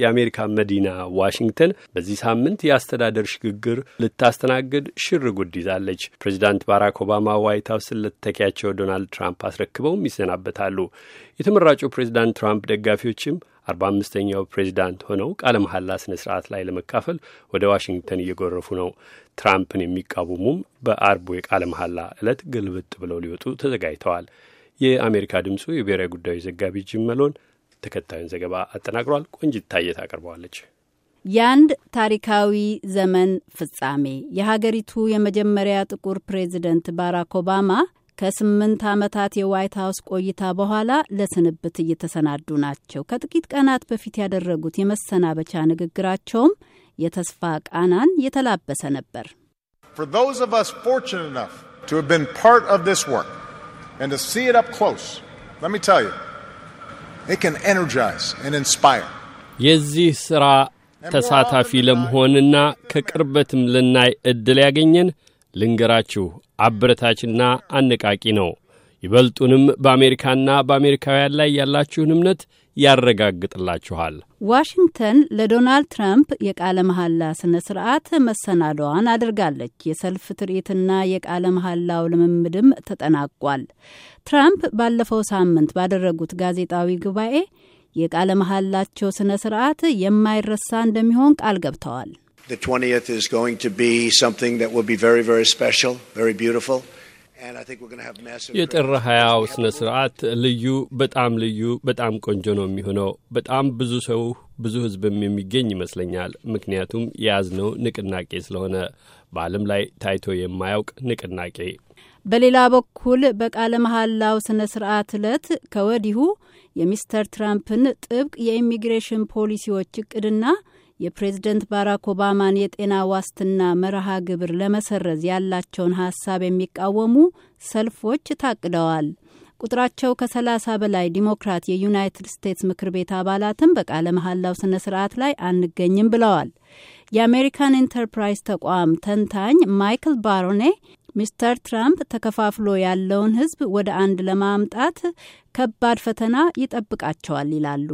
የአሜሪካ መዲና ዋሽንግተን በዚህ ሳምንት የአስተዳደር ሽግግር ልታስተናግድ ሽር ጉድ ይዛለች። ፕሬዚዳንት ባራክ ኦባማ ዋይት ሀውስን ለተተኪያቸው ዶናልድ ትራምፕ አስረክበውም ይሰናበታሉ። የተመራጩ ፕሬዚዳንት ትራምፕ ደጋፊዎችም አርባ አምስተኛው ፕሬዚዳንት ሆነው ቃለ መሐላ ስነ ስርዓት ላይ ለመካፈል ወደ ዋሽንግተን እየጎረፉ ነው። ትራምፕን የሚቃወሙም በአርቡ የቃለ መሐላ ዕለት ግልብጥ ብለው ሊወጡ ተዘጋጅተዋል። የአሜሪካ ድምፁ የብሔራዊ ጉዳዮች ዘጋቢ ጅም መሎን ተከታዩን ዘገባ አጠናቅሯል። ቆንጅት ታየ የአንድ ታሪካዊ ዘመን ፍጻሜ የሀገሪቱ የመጀመሪያ ጥቁር ፕሬዚደንት ባራክ ኦባማ ከስምንት ዓመታት የዋይት ሀውስ ቆይታ በኋላ ለስንብት እየተሰናዱ ናቸው። ከጥቂት ቀናት በፊት ያደረጉት የመሰናበቻ ንግግራቸውም የተስፋ ቃናን የተላበሰ ነበር። and to see it up close, let me tell you, it can energize and inspire. የዚህ ስራ ተሳታፊ ለመሆንና ከቅርበትም ልናይ እድል ያገኘን ልንገራችሁ፣ አበረታችና አነቃቂ ነው። ይበልጡንም በአሜሪካና በአሜሪካውያን ላይ ያላችሁን እምነት ያረጋግጥላችኋል። ዋሽንግተን ለዶናልድ ትራምፕ የቃለ መሐላ ስነ ስርዓት መሰናዷዋን አድርጋለች። የሰልፍ ትርኢትና የቃለ መሐላው ልምምድም ተጠናቋል። ትራምፕ ባለፈው ሳምንት ባደረጉት ጋዜጣዊ ጉባኤ የቃለ መሐላቸው ስነ ስርዓት የማይረሳ እንደሚሆን ቃል ገብተዋል። የጥር ሀያው ስነ ስርዓት ልዩ በጣም ልዩ በጣም ቆንጆ ነው የሚሆነው። በጣም ብዙ ሰው ብዙ ህዝብም የሚገኝ ይመስለኛል። ምክንያቱም የያዝነው ንቅናቄ ስለሆነ በዓለም ላይ ታይቶ የማያውቅ ንቅናቄ። በሌላ በኩል በቃለ መሐላው ስነ ስርዓት ዕለት ከወዲሁ የሚስተር ትራምፕን ጥብቅ የኢሚግሬሽን ፖሊሲዎች እቅድና የፕሬዝደንት ባራክ ኦባማን የጤና ዋስትና መርሃ ግብር ለመሰረዝ ያላቸውን ሀሳብ የሚቃወሙ ሰልፎች ታቅደዋል። ቁጥራቸው ከ30 በላይ ዲሞክራት የዩናይትድ ስቴትስ ምክር ቤት አባላትም በቃለ መሐላው ስነ ስርዓት ላይ አንገኝም ብለዋል። የአሜሪካን ኢንተርፕራይዝ ተቋም ተንታኝ ማይክል ባሮኔ ሚስተር ትራምፕ ተከፋፍሎ ያለውን ሕዝብ ወደ አንድ ለማምጣት ከባድ ፈተና ይጠብቃቸዋል ይላሉ።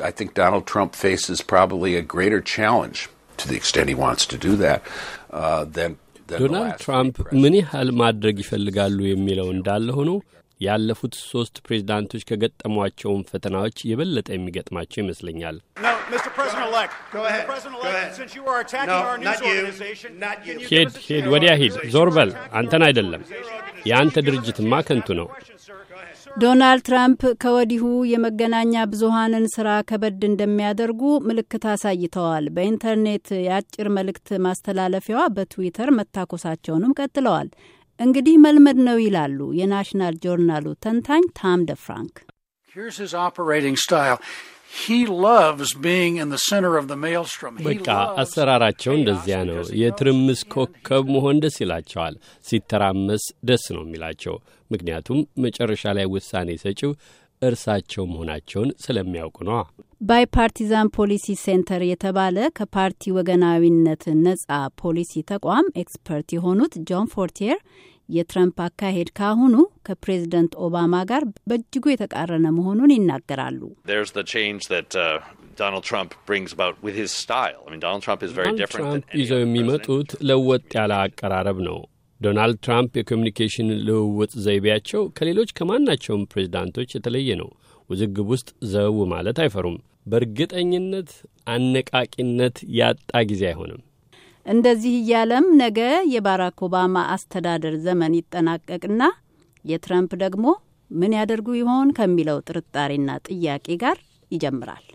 I think Donald Trump faces probably a greater challenge to the extent he wants to do that uh, than ዶናልድ ትራምፕ ምን ያህል ማድረግ ይፈልጋሉ የሚለው እንዳለ ሆኖ ያለፉት ሶስት ፕሬዝዳንቶች ከገጠሟቸውን ፈተናዎች የበለጠ የሚገጥማቸው ይመስለኛል። ሄድ ሄድ፣ ወዲያ ሂድ፣ ዞር በል፣ አንተን አይደለም። የአንተ ድርጅትማ ከንቱ ነው። ዶናልድ ትራምፕ ከወዲሁ የመገናኛ ብዙሃንን ስራ ከበድ እንደሚያደርጉ ምልክት አሳይተዋል። በኢንተርኔት የአጭር መልእክት ማስተላለፊያዋ በትዊተር መታኮሳቸውንም ቀጥለዋል። እንግዲህ መልመድ ነው ይላሉ የናሽናል ጆርናሉ ተንታኝ ታም ደ ፍራንክ። በቃ አሰራራቸው እንደዚያ ነው። የትርምስ ኮከብ መሆን ደስ ይላቸዋል። ሲተራመስ ደስ ነው የሚላቸው። ምክንያቱም መጨረሻ ላይ ውሳኔ ሰጪው እርሳቸው መሆናቸውን ስለሚያውቁ ነዋ። ባይ ፓርቲዛን ፖሊሲ ሴንተር የተባለ ከፓርቲ ወገናዊነት ነጻ ፖሊሲ ተቋም ኤክስፐርት የሆኑት ጆን ፎርቲየር የትረምፕ አካሄድ ካሁኑ ከፕሬዝደንት ኦባማ ጋር በእጅጉ የተቃረነ መሆኑን ይናገራሉ። uh, ዶናልድ ትራምፕ ይዘው የሚመጡት ለወጥ ያለ አቀራረብ ነው። ዶናልድ ትራምፕ የኮሚኒኬሽን ልውውጥ ዘይቤያቸው ከሌሎች ከማናቸውም ፕሬዚዳንቶች የተለየ ነው። ውዝግብ ውስጥ ዘው ማለት አይፈሩም። በእርግጠኝነት አነቃቂነት ያጣ ጊዜ አይሆንም። እንደዚህ እያለም ነገ የባራክ ኦባማ አስተዳደር ዘመን ይጠናቀቅና የትራምፕ ደግሞ ምን ያደርጉ ይሆን ከሚለው ጥርጣሬና ጥያቄ ጋር ይጀምራል።